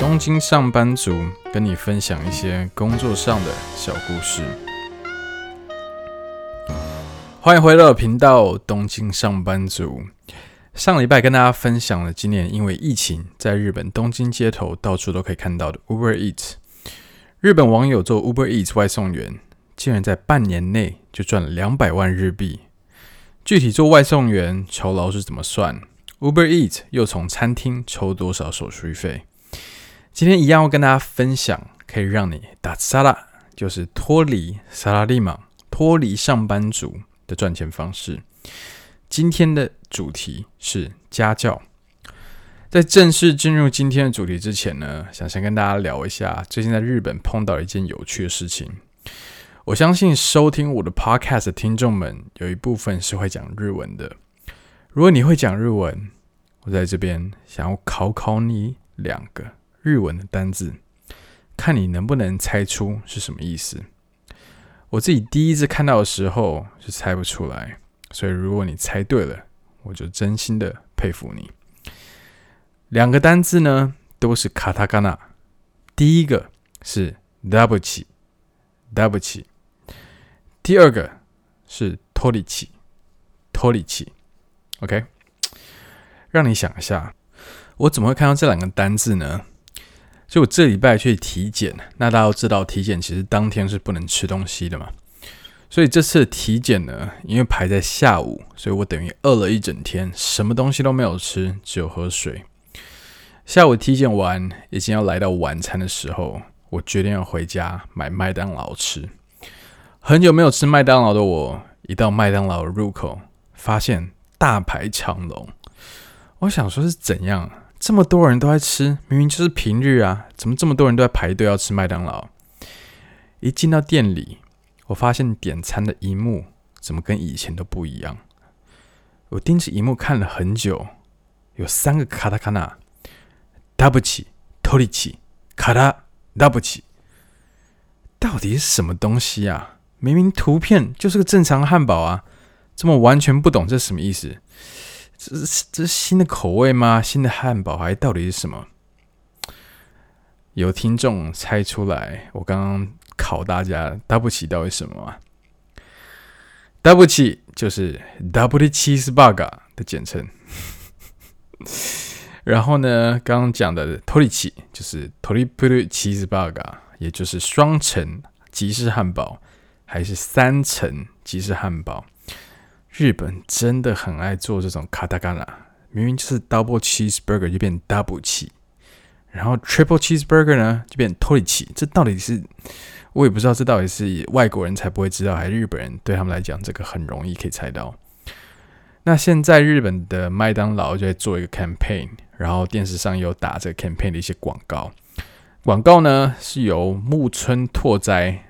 東京上班族跟你分享一些工作上的小故事。歡迎回到頻道《東京上班族》。上禮拜跟大家分享了今年因為疫情，在日本東京街頭到處都可以看到的 Uber Eat。日本網友做 Uber Eat 外送員，竟然在半年內就賺了兩百萬日幣。具體做外送員，酬勞是怎麼算？Uber Eat 又從餐廳抽多少手續費？今天一樣要跟大家分享，可以讓你打沙拉，就是脫離沙拉利芒，脫離上班族的賺錢方式。今天的主題是家教。在正式進入今天的主題之前呢，想先跟大家聊一下，最近在日本碰到一件有趣的事情。我相信收聽我的 podcast 的聽眾們有一部分是會講日文的。如果你會講日文，我在這邊想要考考你兩個。日文的單字，看你能不能猜出是什麼意思。我自己第一次看到的時候是猜不出來，所以如果你猜對了，我就真心的佩服你。兩個單字呢，都是卡塔卡納。第一個是 double 氣，double 氣；第二個是托里氣，托里氣。OK，讓你想一下，我怎麼會看到這兩個單字呢？所以我這禮拜去體檢，那大家都知道，體檢其實當天是不能吃東西的嘛。所以這次的體檢呢，因為排在下午，所以我等於餓了一整天，什麼東西都沒有吃，只有喝水。下午體檢完，已經要來到晚餐的時候，我決定要回家買麥當勞吃。很久沒有吃麥當勞的我，一到麥當勞入口，發現大排長龍。我想說，是怎樣？這麼多人都在吃，明明就是平日啊，怎麼這麼多人都在排隊要吃麥當勞？一進到店裡，我發現點餐的螢幕怎麼跟以前都不一樣。我盯着螢幕看了很久，有三個卡塔卡納，ダブチ、トリチ、カタダブチ，到底是什麼東西啊？明明圖片就是個正常的漢堡啊，這麼完全不懂，這什麼意思？這是這是新的口味嗎？新的漢堡還到底是什麼？有聽眾猜出來？我剛剛考大家，Double 起到底是什麼？Double、啊、起，就是 Double Cheese Burger 的簡稱。 然後呢，剛剛講的 Triple 起就是 Triple Cheese Burger，也就是雙層吉士漢堡，還是三層吉士漢堡？日本真的很愛做這種卡塔干啦，明明就是 Double Cheeseburger 就變 Double cheese，然後 Triple Cheeseburger 呢，就變 Triple cheese，這到底是，我也不知道這到底是以外國人才不會知道，還是日本人對他們來講這個很容易可以猜到。那現在日本的麥當勞就在做一個 campaign，然後電視上有打這個 campaign 的一些廣告，廣告呢是由木村拓哉。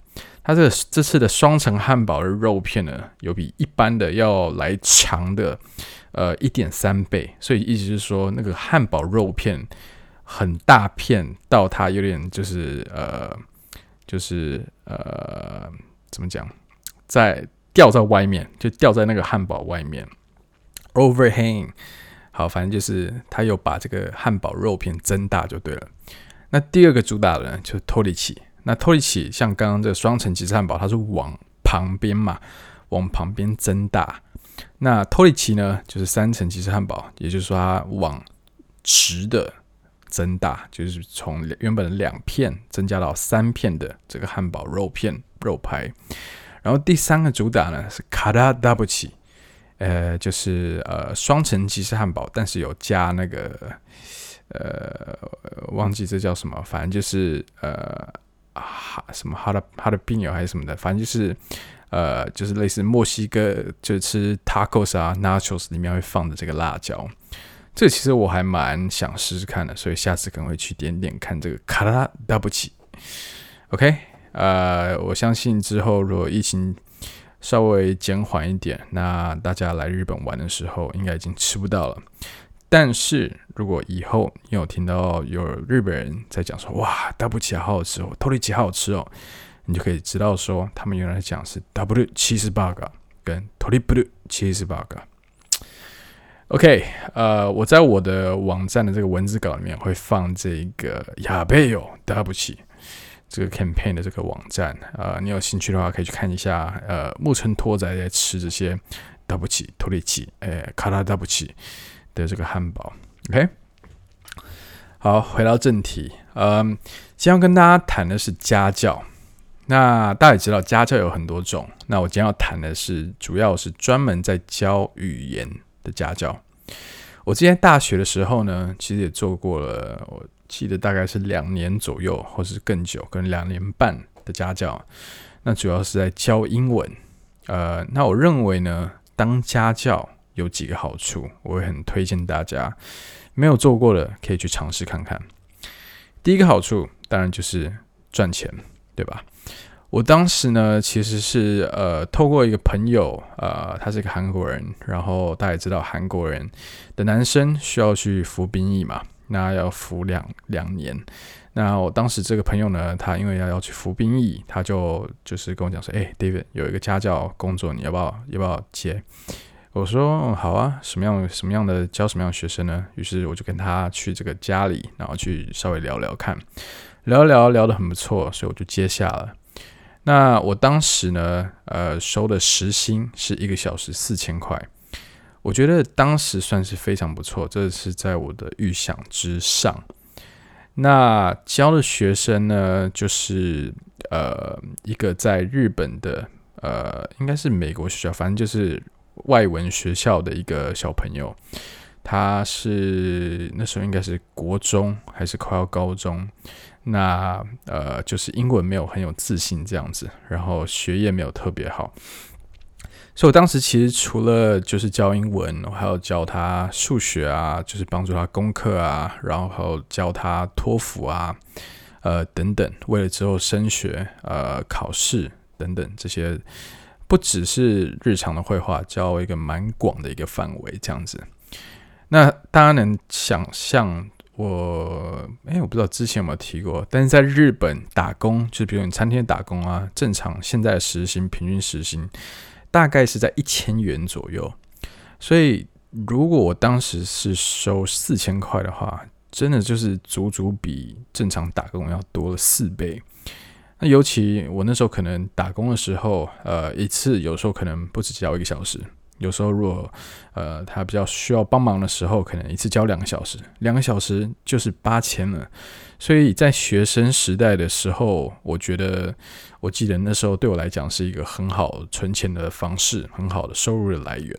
它這個這次的雙層漢堡的肉片呢，有比一般的要來強的，呃，一點三倍。所以意思是說，那個漢堡肉片很大片，到它有點就是呃，就是呃，怎麼講，在掉在外面，就掉在那個漢堡外面，overhang。好，反正就是它有把這個漢堡肉片增大就對了。那第二個主打的呢，就是托里奇。那托里奇像剛剛這個雙層吉士漢堡，它是往旁邊嘛，往旁邊增大。那托里奇呢，就是三層吉士漢堡，也就是說它往直的增大，就是從原本兩片增加到三片的這個漢堡肉片肉排。然後第三個主打呢是卡拉達布奇，呃，就是呃雙層吉士漢堡，但是有加那個呃忘記這叫什麼，反正就是呃。哈、啊、什麼哈的哈的病友還是什麼的，反正就是，呃，就是類似墨西哥就是吃 tacos 啊 nachos t 裡面會放的這個辣椒，這個、其實我還蠻想試試看的，所以下次可能會去點點看這個卡拉達布奇。OK，呃，我相信之後如果疫情稍微減緩一點，那大家來日本玩的時候應該已經吃不到了。但是如果以後你有聽到有日本人在講說哇，l 布奇好好吃哦，托裡奇好好吃哦，你就可以知道說他們原來講是 W 七十八個跟托裡 u 七十八個。OK，呃，我在我的網站的這個文字稿裡面會放這個雅貝歐達布奇這個 campaign 的這個網站啊、呃，你有興趣的話可以去看一下。呃，木村拓哉在吃這些達布奇、托裡奇、哎、呃，卡拉達布奇。的這個漢堡，OK。好，回到正題，嗯，今天要跟大家談的是家教。那大家也知道，家教有很多種。那我今天要談的是，主要是專門在教語言的家教。我之前大學的時候呢，其實也做過了，我記得大概是兩年左右，或是更久，可能兩年半的家教。那主要是在教英文。呃，那我認為呢，當家教。有幾個好處，我會很推薦大家沒有做過的可以去嘗試看看。第一個好處當然就是賺錢，對吧？我當時呢其實是呃透過一個朋友，呃他是一個韓國人，然後大家也知道韓國人的男生需要去服兵役嘛，那要服兩兩年。那我當時這個朋友呢，他因為要要去服兵役，他就就是跟我講說：“誒，David 有一個家教工作，你要不要？要不要接？”我說，嗯，好啊，什麼樣什麼樣的教什麼樣的學生呢？於是我就跟他去這個家裡，然後去稍微聊聊看，聊聊聊得很不錯，所以我就接下了。那我當時呢，呃，收的時薪是一個小時四千塊，我覺得當時算是非常不錯，這是在我的預想之上。那教的學生呢，就是呃一個在日本的呃應該是美國學校，反正就是。外文學校的一個小朋友，他是那時候應該是國中還是快要高中，那呃就是英文沒有很有自信這樣子，然後學業沒有特別好，所以我當時其實除了就是教英文，我還要教他數學啊，就是幫助他功課啊，然後教他托福啊，呃等等，為了之後升學呃考試等等這些。不只是日常的會話，教一個蠻廣的一個範圍這樣子。那大家能想象我？哎，我不知道之前有沒有提過，但是在日本打工，就比如你餐廳打工啊，正常現在時薪平均時薪大概是在一千元左右。所以如果我當時是收四千塊的話，真的就是足足比正常打工要多了四倍。那尤其我那時候可能打工的時候，呃，一次有時候可能不止教一個小時，有時候如果呃他比較需要幫忙的時候，可能一次教兩個小時，兩個小時就是八千了。所以在學生時代的時候，我覺得我記得那時候對我來講是一個很好存錢的方式，很好的收入的來源。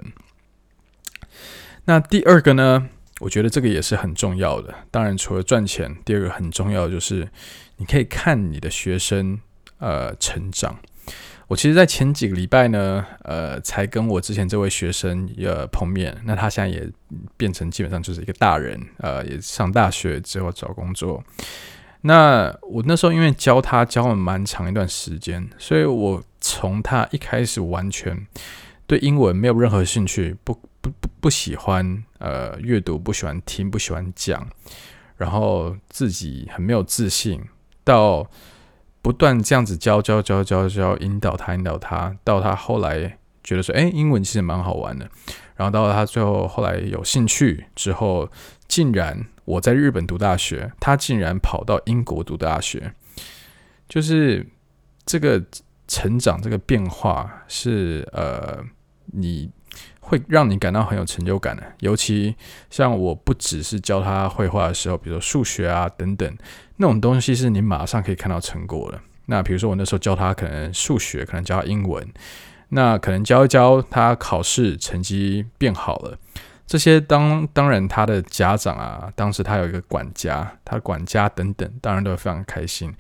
那第二個呢，我覺得這個也是很重要的。當然，除了賺錢，第二個很重要的就是。你可以看你的學生，呃，成長。我其實，在前幾個禮拜呢，呃，才跟我之前這位學生，呃，碰面。那他現在也變成基本上就是一個大人，呃，也上大學之後找工作。那我那時候因為教他教了蠻長一段時間，所以我從他一開始完全對英文沒有任何興趣，不不不不喜歡，呃，閱讀，不喜歡聽，不喜歡講，然後自己很沒有自信。到不斷這樣子教教教教教引導他引導他，到他後來覺得說，哎、欸，英文其實蠻好玩的。然後到他最後後來有興趣之後，竟然我在日本讀大學，他竟然跑到英國讀大學。就是這個成長這個變化是呃你。會讓你感到很有成就感的，尤其像我不只是教他繪畫的時候，比如說數學啊等等那種東西，是你馬上可以看到成果的。那比如說我那時候教他可能數學，可能教他英文，那可能教一教他考試成績變好了。這些當，當然，他的家長啊，當時他有一個管家，他的管家等等，當然都非常開心。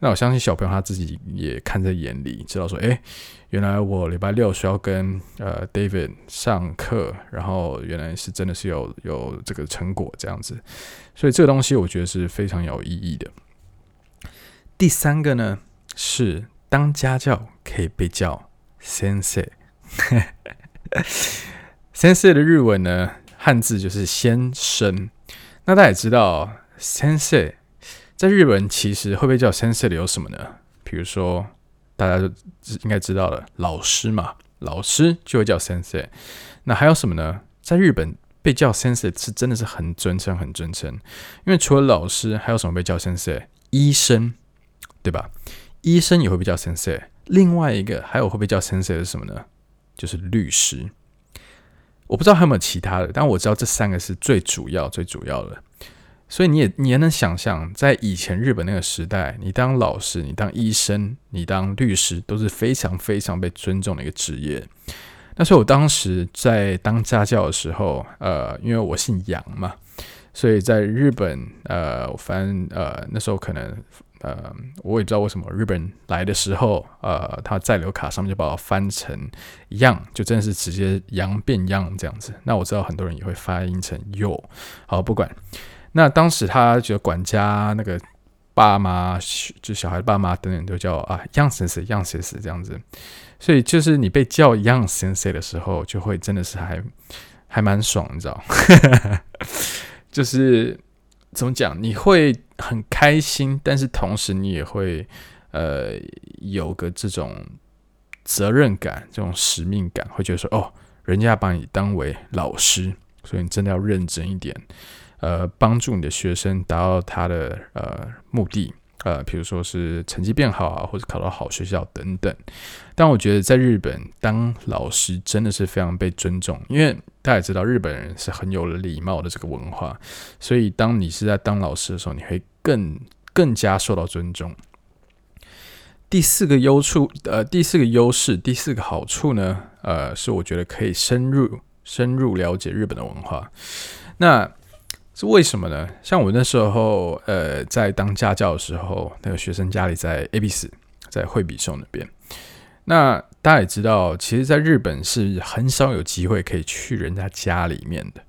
那我相信小朋友他自己也看在眼裡，知道說，哎、欸，原來我禮拜六需要跟呃 David 上課，然後原來是真的是有有這個成果這樣子。所以這個東西我覺得是非常有意義的。第三個呢，是當家教可以被叫 Sensei，Sensei 的日文呢。漢字就是先生，那大家也知道先生在日本其實會被叫先生的有什麼呢？比如說，大家都應該知道了，老師嘛，老師就會叫先生。那還有什麼呢？在日本被叫先生是真的是很尊稱，很尊稱。因為除了老師，還有什麼被叫先生？醫生，對吧？醫生也會被叫先生。另外一個還有會被叫先生是什麼呢？就是律師。我不知道還有沒有其他的，但我知道這三個是最主要、最主要的。所以你也你也能想象，在以前日本那個時代，你當老師、你當醫生、你當律師都是非常非常被尊重的一個職業。那所以我當時在當家教的時候，呃，因為我姓楊嘛，所以在日本，呃，我反正呃，那時候可能。呃，我也不知道為什麼日本人來的時候，呃，他在留卡上面就把我翻成“樣”，就真的是直接“樣變樣”這樣子。那我知道很多人也會發音成 yo。好，不管。那當時他覺得管家那個爸媽，就小孩的爸媽等等都叫啊“樣先生樣先生”這樣子。所以就是你被叫“樣先生”的時候，就會真的是還還蠻爽，你知道？ 就是。怎麼講？你會很開心，但是同時你也會，呃，有個這種責任感、這種使命感，會覺得說，哦，人家把你當為老師，所以你真的要認真一點，呃，幫助你的學生達到他的，呃，目的。呃，比如說是成績變好啊，或者考到好學校等等。但我覺得在日本當老師真的是非常被尊重，因為大家也知道日本人是很有禮貌的這個文化，所以當你是在當老師的時候，你會更更加受到尊重。第四個優處，呃，第四個優勢，第四個好處呢，呃，是我覺得可以深入深入了解日本的文化。那是為什麼呢？像我那時候，呃，在當家教的時候，那個學生家裡在 ABC，在惠比壽那邊。那大家也知道，其實，在日本是很少有機會可以去人家家裡面的。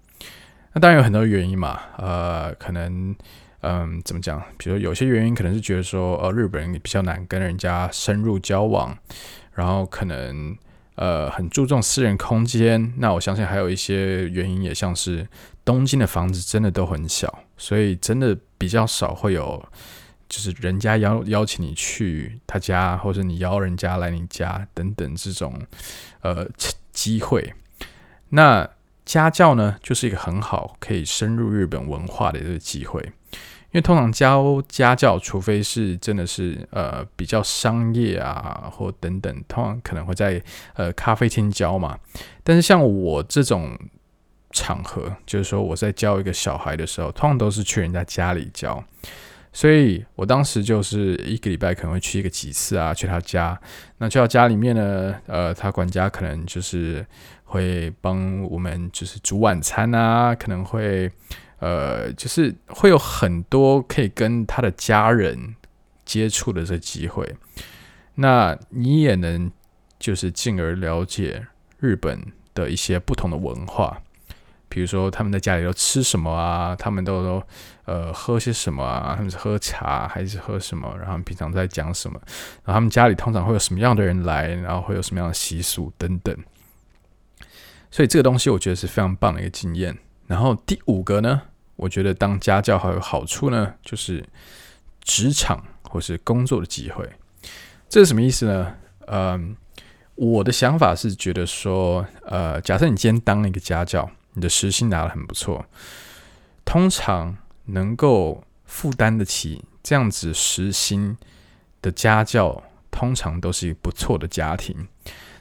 那當然有很多原因嘛，呃，可能，嗯、呃，怎麼講？比如說有些原因可能是覺得說，呃，日本人比較難跟人家深入交往，然後可能。呃，很注重私人空間。那我相信還有一些原因，也像是東京的房子真的都很小，所以真的比較少會有，就是人家邀邀請你去他家，或者你邀人家來你家等等這種呃機會。那家教呢，就是一個很好可以深入日本文化的這個機會。因為通常教家，家教，除非是真的是呃比較商業啊，或等等，通常可能會在呃咖啡廳教嘛。但是像我這種場合，就是說我在教一個小孩的時候，通常都是去人家家裡教。所以我當時就是一個禮拜可能會去一個幾次啊，去他家。那去到家裡面呢，呃，他管家可能就是會幫我們就是煮晚餐啊，可能會。呃，就是會有很多可以跟他的家人接觸的這機會，那你也能就是進而了解日本的一些不同的文化，比如說他們在家裡都吃什麼啊，他們都都呃喝些什麼啊，他們是喝茶還是喝什麼，然後平常在講什麼，然後他們家裡通常會有什麼樣的人來，然後會有什麼樣的習俗等等，所以這個東西我覺得是非常棒的一個經驗。然後第五個呢，我覺得當家教還有好處呢，就是職場或是工作的機會。這是什麼意思呢？嗯、呃，我的想法是覺得說，呃，假設你今天當了一個家教，你的時薪拿得很不錯，通常能夠負擔得起這樣子時薪的家教，通常都是一個不錯的家庭。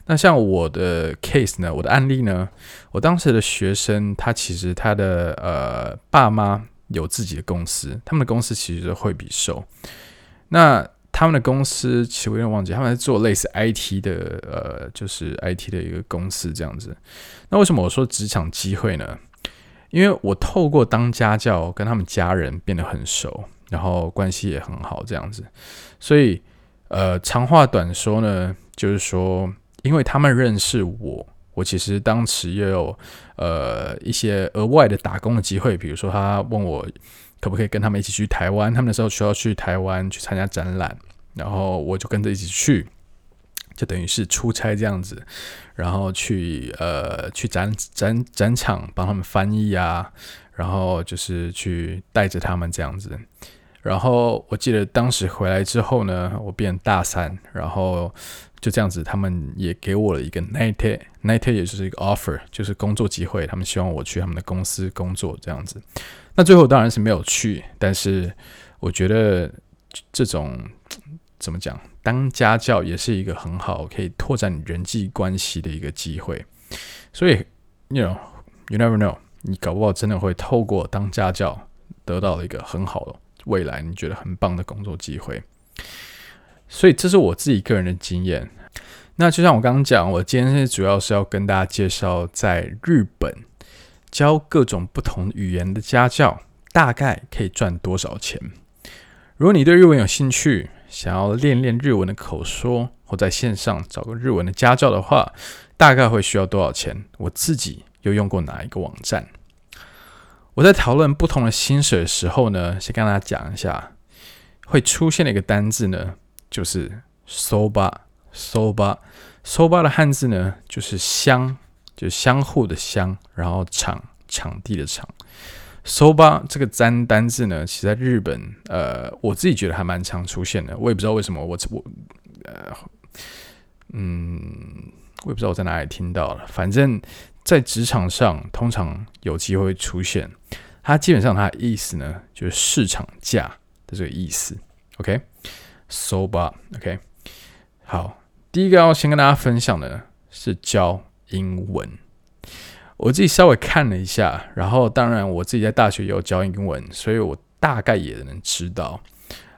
那像我的 case 呢，我的案例呢，我當時的學生他其實他的呃爸媽有自己的公司，他們的公司其實是惠比壽。那他們的公司，其實我有點忘記，他們在做類似 IT 的呃，就是 IT 的一個公司這樣子。那為什麼我說職場機會呢？因為我透過當家教跟他們家人變得很熟，然後關係也很好這樣子。所以呃長話短說呢，就是說。因為他們認識我，我其實當時也有呃一些額外的打工的機會。比如說，他問我可不可以跟他們一起去台灣，他們的時候需要去台灣去參加展覽，然後我就跟着一起去，就等於是出差這樣子，然後去呃去展展展場幫他們翻譯啊，然後就是去帶着他們這樣子。然後我記得當時回來之後呢，我變大三，然後就這樣子，他們也給我了一個內定，也就是一個 offer，就是工作機會。他們希望我去他們的公司工作這樣子。那最後當然是沒有去，但是我覺得這種怎麼講，當家教也是一個很好可以拓展人際關係的一個機會。所以，you know，you never know，你搞不好真的會透過當家教得到了一個很好的。未來你覺得很棒的工作機會，所以這是我自己個人的經驗。那就像我剛剛講，我今天主要是要跟大家介紹，在日本教各種不同語言的家教，大概可以賺多少錢。如果你對日文有興趣，想要練練日文的口說，或在線上找個日文的家教的話，大概會需要多少錢？我自己有用過哪一個網站？我在討論不同的薪水的時候呢，先跟大家講一下會出現的一個單字呢，就是 “soba”。soba，soba 的漢字呢，就是“相”，就是相互的“相”，然後“場”場地的“場”。soba 這個單單字呢，其實在日本，呃，我自己覺得還蠻常出現的。我也不知道為什麼我，我我呃，嗯，我也不知道我在哪裡聽到了，反正。在職場上，通常有機會出現。它基本上它的意思呢，就是市場價的、就是、這個意思。OK，soba。OK，好，第一個要先跟大家分享的是教英文。我自己稍微看了一下，然後當然我自己在大學也有教英文，所以我大概也能知道。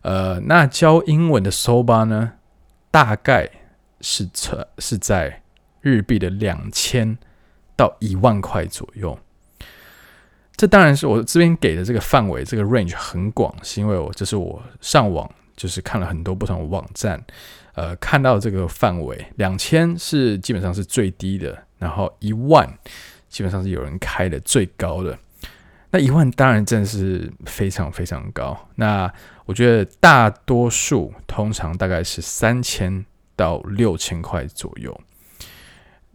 呃，那教英文的 soba 呢，大概是測是在日幣的兩千。到一萬塊左右，這當然是我這邊給的這個範圍，這個 range 很廣，是因為我這是我上網就是看了很多不同的網站，呃，看到這個範圍，兩千是基本上是最低的，然後一萬基本上是有人開的最高的，那一萬當然真的是非常非常高，那我覺得大多數通常大概是三千到六千塊左右。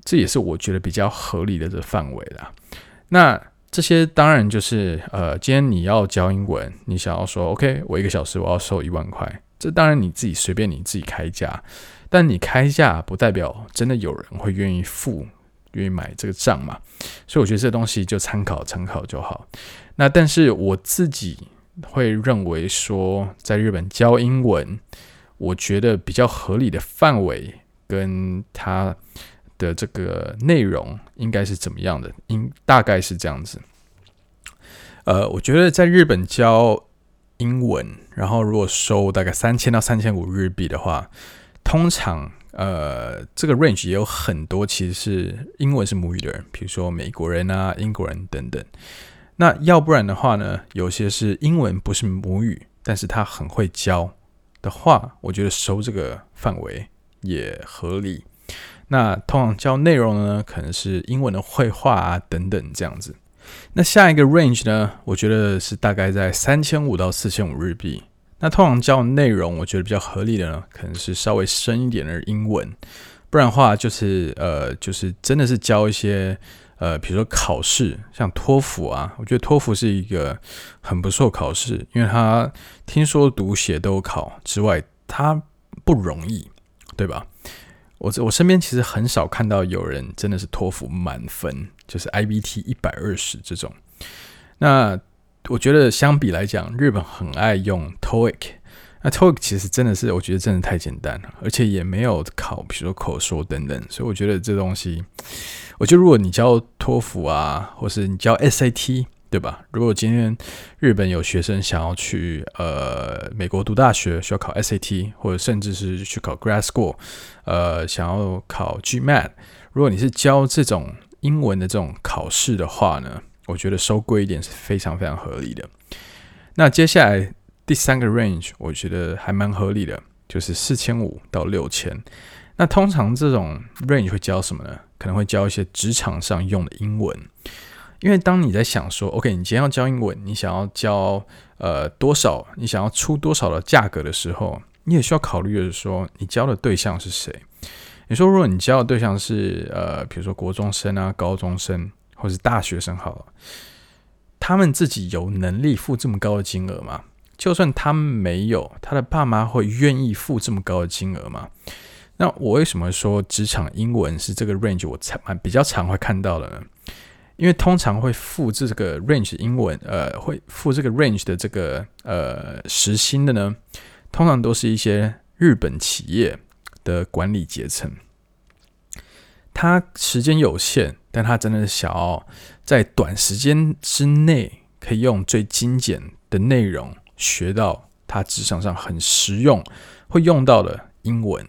這也是我覺得比較合理的這個範圍啦，那這些當然就是呃，今天你要教英文，你想要說 OK，我一個小時我要收一萬塊，這當然你自己隨便你自己開價，但你開價不代表真的有人會願意付，願意買這個賬嘛。所以我覺得這東西就參考參考就好。那但是我自己會認為說，在日本教英文，我覺得比較合理的範圍跟他，的這個內容應該是怎麼樣的？應大概是這樣子。呃，我覺得在日本教英文，然後如果收大概三千到三千五日幣的話，通常呃這個 range 也有很多其實是英文是母語的人，比如說美國人啊、英國人等等。那要不然的話呢，有些是英文不是母語，但是他很會教的話，我覺得收這個範圍也合理。那通常教內容呢，可能是英文的會話啊等等這樣子。那下一個 range 呢，我覺得是大概在三千五到四千五日幣。那通常教內容，我覺得比較合理的呢，可能是稍微深一點的英文。不然的話就是呃，就是真的是教一些呃，比如說考試，像托福啊。我覺得托福是一個很不錯考試，因為它聽說讀寫都有考之外，它不容易，對吧？我這我身邊其實很少看到有人真的是托福滿分，就是 I B T 一百二十這種。那我覺得相比來講，日本很愛用 TOEIC，那 TOEIC 其實真的是我覺得真的太簡單了，而且也沒有考比如說口說等等，所以我覺得這東西，我覺得如果你教托福啊，或是你教 S A T。對吧？如果今天日本有學生想要去呃美國讀大學，需要考 SAT，或者甚至是去考 Grad School，呃，想要考 GMAT，如果你是教這種英文的這種考試的話呢，我覺得收貴一點是非常非常合理的。那接下來第三個 range，我覺得還蠻合理的，就是四千五到六千。那通常這種 range 會教什麼呢？可能會教一些職場上用的英文。因為當你在想說，OK，你今天要教英文，你想要教呃多少，你想要出多少的價格的時候，你也需要考慮的是說，你教的對象是誰？你說，如果你教的對象是呃，比如說國中生啊、高中生，或是大學生，好了，他們自己有能力付這麼高的金額嗎？就算他們沒有，他的爸媽會願意付這麼高的金額嗎？那我為什麼說職場英文是這個 range 我才比較常會看到的呢？因為通常會付這個 range 英文，呃，會付這個 range 的這個呃時薪的呢，通常都是一些日本企業的管理階層，他時間有限，但他真的是想要在短時間之內可以用最精簡的內容學到他職場上很實用會用到的英文。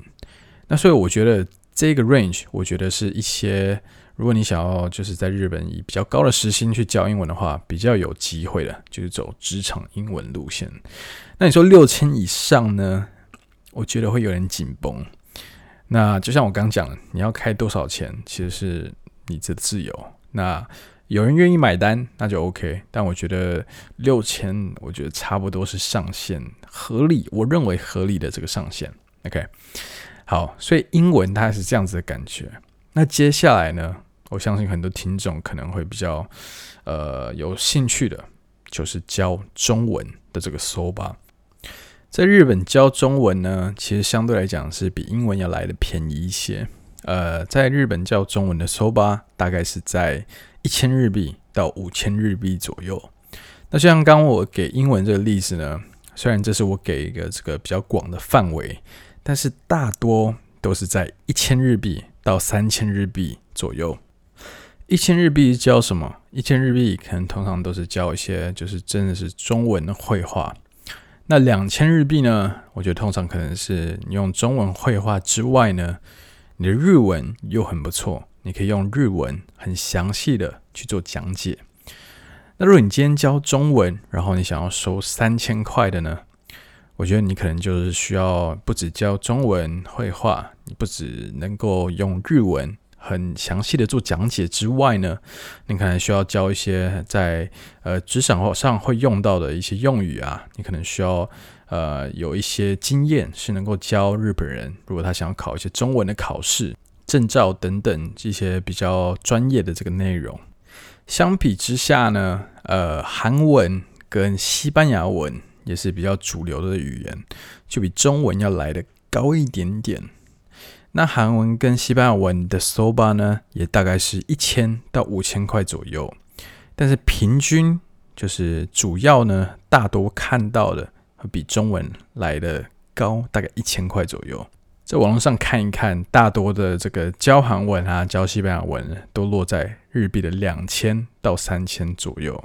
那所以我覺得這個 range，我覺得是一些。如果你想要就是在日本以比較高的時薪去教英文的話，比較有機會的就是走職場英文路線。那你說六千以上呢？我覺得會有點緊繃。那就像我剛講，你要開多少錢其實是你的自由。那有人願意買單，那就 OK。但我覺得六千，我覺得差不多是上限合理，我認為合理的這個上限。OK，好，所以英文它是這樣子的感覺。那接下來呢？我相信很多聽眾可能會比較，呃，有興趣的，就是教中文的這個相場。在日本教中文呢，其實相對來講是比英文要來的便宜一些。呃，在日本教中文的相場，大概是在一千日幣到五千日幣左右。那像剛剛我給英文這個例子呢，雖然這是我給一個這個比較廣的範圍，但是大多都是在一千日幣到三千日幣左右。一千日幣教什麼？一千日幣可能通常都是教一些，就是真的是中文的會話。那兩千日幣呢？我覺得通常可能是你用中文會話之外呢，你的日文又很不錯，你可以用日文很詳細的去做講解。那如果你今天教中文，然後你想要收三千塊的呢？我覺得你可能就是需要不只教中文會話，你不只能夠用日文，很詳細的做講解之外呢，你可能需要教一些在呃職場上會用到的一些用語啊，你可能需要呃有一些經驗，是能夠教日本人，如果他想要考一些中文的考試、證照等等這些比較專業的這個內容。相比之下呢，呃韓文跟西班牙文也是比較主流的語言，就比中文要來得高一點點。那韓文跟西班牙文的 soba 呢，也大概是一千到五千塊左右，但是平均就是主要呢，大多看到的比中文來得高，大概一千塊左右。在網絡上看一看，大多的這個教韓文啊、教西班牙文都落在日幣的兩千到三千左右。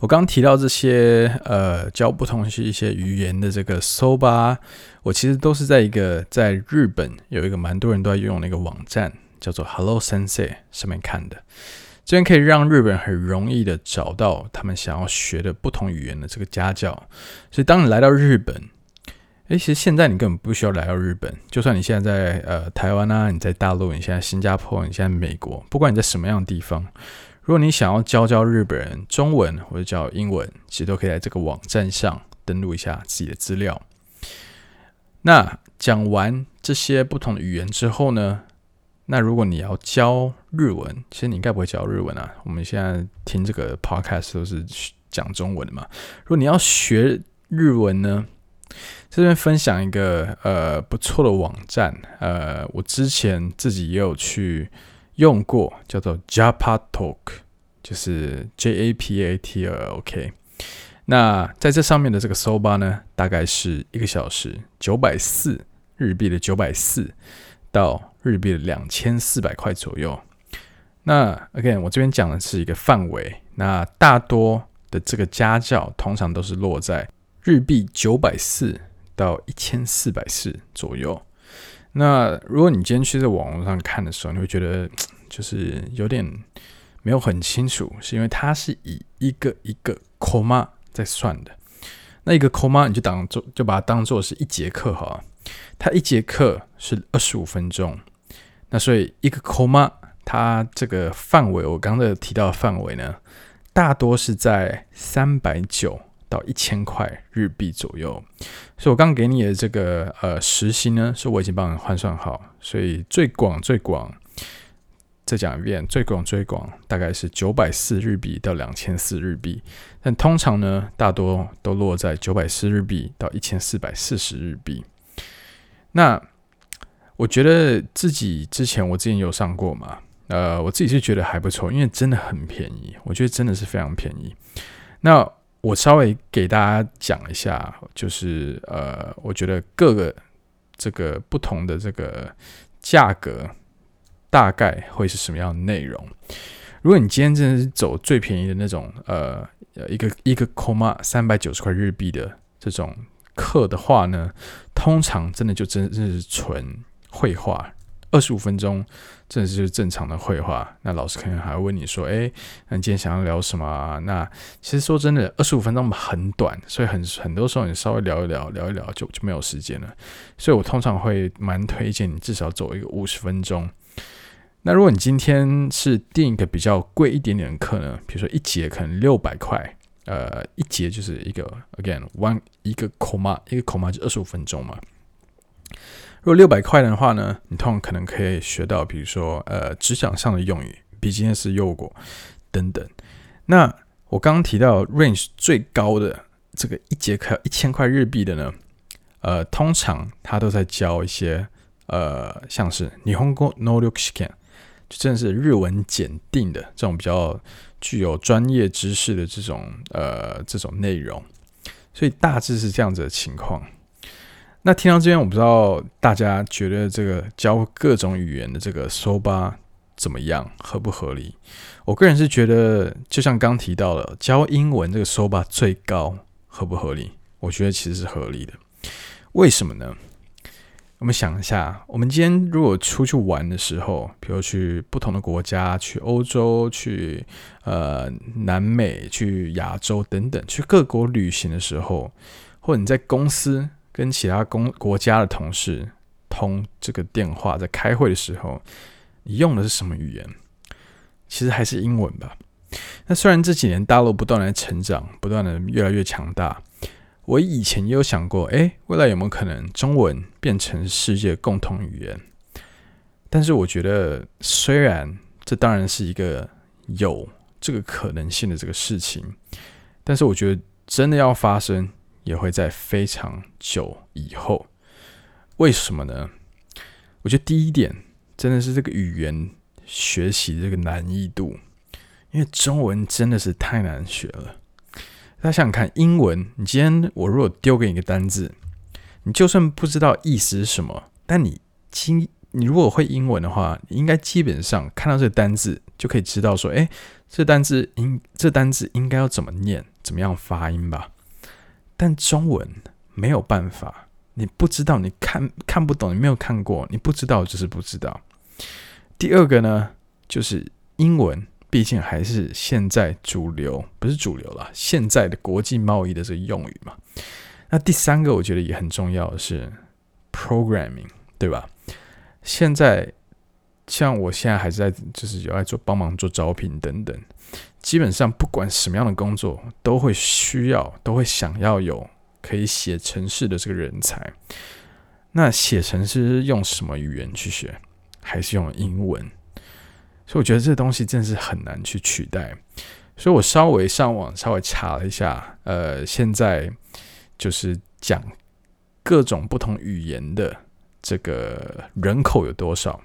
我剛提到這些，呃，教不同的一些語言的這個搜吧，我其實都是在一個在日本有一個蠻多人都在用那個網站，叫做 Hello Sensei 上面看的。這邊可以讓日本很容易的找到他們想要學的不同語言的這個家教。所以當你來到日本，誒，其實現在你根本不需要來到日本，就算你現在在呃台灣啊，你在大陸，你現在新加坡，你現在在美國，不管你在什麼樣的地方。如果你想要教教日本人中文或者教英文，其實都可以在這個網站上登錄一下自己的資料。那講完這些不同的語言之後呢，那如果你要教日文，其實你應該不會教日文啊。我們現在聽這個 podcast 都是講中文的嘛。如果你要學日文呢，這邊分享一個呃不錯的網站，呃，我之前自己也有去用過叫做 Japatalk，就是 J A P A T L K。那在這上面的這個相場呢，大概是一個小時九百四日幣的九百四到日幣的兩千四百塊左右。那 again，我這邊講的是一個範圍。那大多的這個家教通常都是落在日幣九百四到一千四百四左右。那如果你今天去在網絡上看的時候，你會覺得就是有點沒有很清楚，是因為它是以一個一個コマ在算的。那一個コマ你就當做就把它當做是一節課哈，它一節課是二十五分鐘。那所以一個コマ它這個範圍，我剛才提到的範圍呢，大多是在三百九。到一千塊日幣左右，所以我剛給你的這個呃時薪呢，是我已經幫你換算好。所以最廣最廣，再講一遍，最廣最廣，大概是九百四日幣到兩千四日幣，但通常呢，大多都落在九百四日幣到一千四百四十日幣。那我覺得自己之前我之前有上過嘛，呃，我自己是覺得還不錯，因為真的很便宜，我覺得真的是非常便宜。那我稍微給大家講一下，就是呃，我覺得各個這個不同的這個價格大概會是什麼樣的內容。如果你今天真的是走最便宜的那種，呃，一個一個 comma 三百九十塊日幣的這種課的話呢，通常真的就真的是純會話。二十五分鐘，這就是正常的會話。那老師可能還會問你說：“欸、那你今天想要聊什麼啊？”那其實說真的，二十五分鐘很短，所以很很多時候你稍微聊一聊，聊一聊就就沒有時間了。所以我通常會蠻推薦你至少走一個五十分鐘。那如果你今天是定一個比較貴一點點的課呢？比如說一節可能六百塊，呃，一節就是一個 again one 一個コマ一個コマ就二十五分鐘嘛。如果六百塊的話呢，你通常可能可以學到比，呃，比如說，呃，職場上的用語，n e s s 用過等等。那我剛剛提到 range 最高的這個一節課一千塊日幣的呢，呃，通常他都在教一些，呃，像是日本國ノル s ィッ n 就真的是日文檢定的這種比較具有專業知識的這種呃，這種內容，所以大致是這樣子的情況。那聽到這邊，我不知道大家覺得這個教各種語言的這個收吧怎麼樣，合不合理？我個人是覺得，就像剛提到了教英文這個收吧最高合不合理？我覺得其實是合理的。為什麼呢？我們想一下，我們今天如果出去玩的時候，比如去不同的國家，去歐洲、去呃南美、去亞洲等等，去各國旅行的時候，或者你在公司。跟其他公國家的同事通這個電話，在開會的時候，你用的是什麼語言？其實還是英文吧。那雖然這幾年大陸不斷的成長，不斷的越來越強大，我以前也有想過，哎、欸，未來有沒有可能中文變成世界共同語言？但是我覺得，雖然這當然是一個有這個可能性的這個事情，但是我覺得真的要發生。也會在非常久以後，為什麼呢？我覺得第一點真的是這個語言學習的這個難易度，因為中文真的是太難學了。大家想想看，英文，你今天我如果丟給你一個單字，你就算不知道意思是什麼，但你聽，你如果會英文的話，你應該基本上看到這個單字就可以知道說，哎，這單字應這單字應該要怎麼念，怎麼樣發音吧。但中文沒有辦法，你不知道，你看看不懂，你沒有看過，你不知道就是不知道。第二個呢，就是英文，畢竟還是現在主流，不是主流了，現在的國際貿易的這個用語嘛。那第三個我覺得也很重要，是 programming，對吧？現在。像我現在還是在，就是有在做幫忙做招聘等等。基本上不管什麼樣的工作，都會需要，都會想要有可以寫程式的這個人才。那寫程式用什麼語言去寫？還是用英文？所以我覺得這東西真是很難去取代。所以我稍微上網稍微查了一下，呃，現在就是講各種不同語言的這個人口有多少，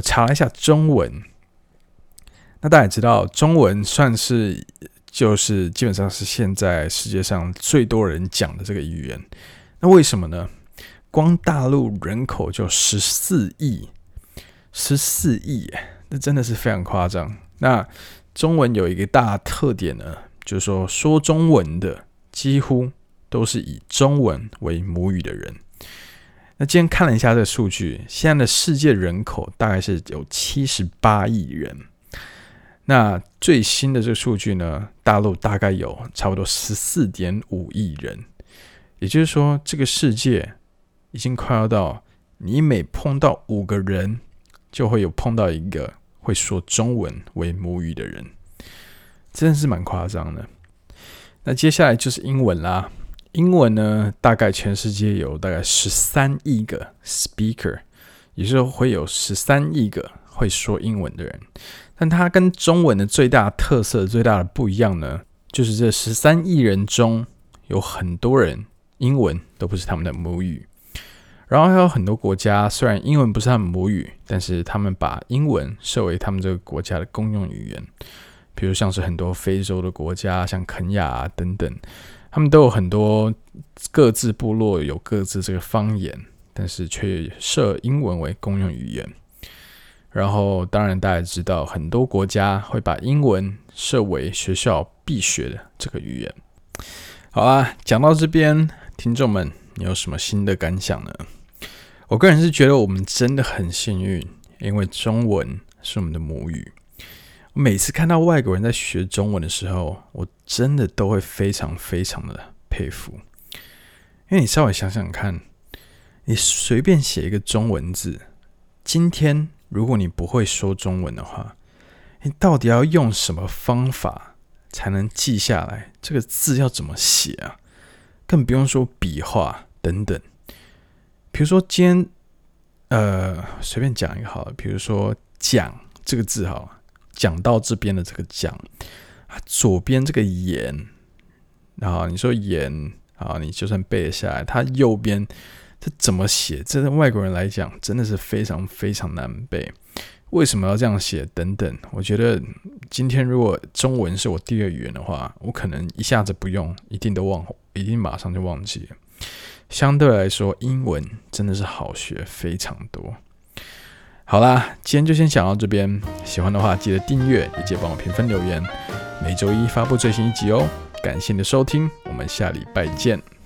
查一下中文，那大家也知道中文算是就是基本上是現在世界上最多人講的這個語言，那為什麼呢？光大陸人口就十四億，十四億，那真的是非常誇張。那中文有一個大特點呢，就是說說中文的幾乎都是以中文為母語的人。那今天看了一下這個數據，現在的世界人口大概是有七十八億人。那最新的這個數據呢，大陸大概有差不多十四點五億人。也就是說，這個世界已經快要到你每碰到五個人，就會有碰到一個會說中文為母語的人，真的是蠻誇張的。那接下來就是英文啦。英文呢，大概全世界有大概十三億個 speaker，也就是會有十三億個會說英文的人。但它跟中文的最大特色、最大的不一樣呢，就是這十三億人中有很多人英文都不是他們的母語。然後還有很多國家雖然英文不是他們母語，但是他們把英文設為他們這個國家的公用語言。比如像是很多非洲的國家，像肯亞啊，等等。他們都有很多各自部落有各自這個方言，但是卻設英文為公用語言。然後，當然大家知道，很多國家會把英文設為學校必學的這個語言。好啊，講到這邊，聽眾們，你有什麼新的感想呢？我個人是覺得我們真的很幸運，因為中文是我們的母語。每次看到外國人在學中文的時候，我真的都會非常非常的佩服。因為你稍微想想看，你隨便寫一個中文字，今天如果你不會說中文的話，你到底要用什麼方法才能記下來，這個字要怎麼寫啊？更不用說筆畫等等。比如說今天，呃，隨便講一個好了，比如說“講”這個字好了。講到這邊的這個講，啊，左邊這個言，啊，你說言，啊，你就算背得下來，它右邊這怎麼寫？這對外國人來講真的是非常非常難背。為什麼要這樣寫？等等，我覺得今天如果中文是我第二語言的話，我可能一下子不用，一定都忘，一定馬上就忘記了。相對來說，英文真的是好學非常多。好啦，今天就先講到這邊。喜歡的話，記得訂閱，也記得幫我評分、留言。每周一發布最新一集哦。感謝你的收聽，我們下禮拜見。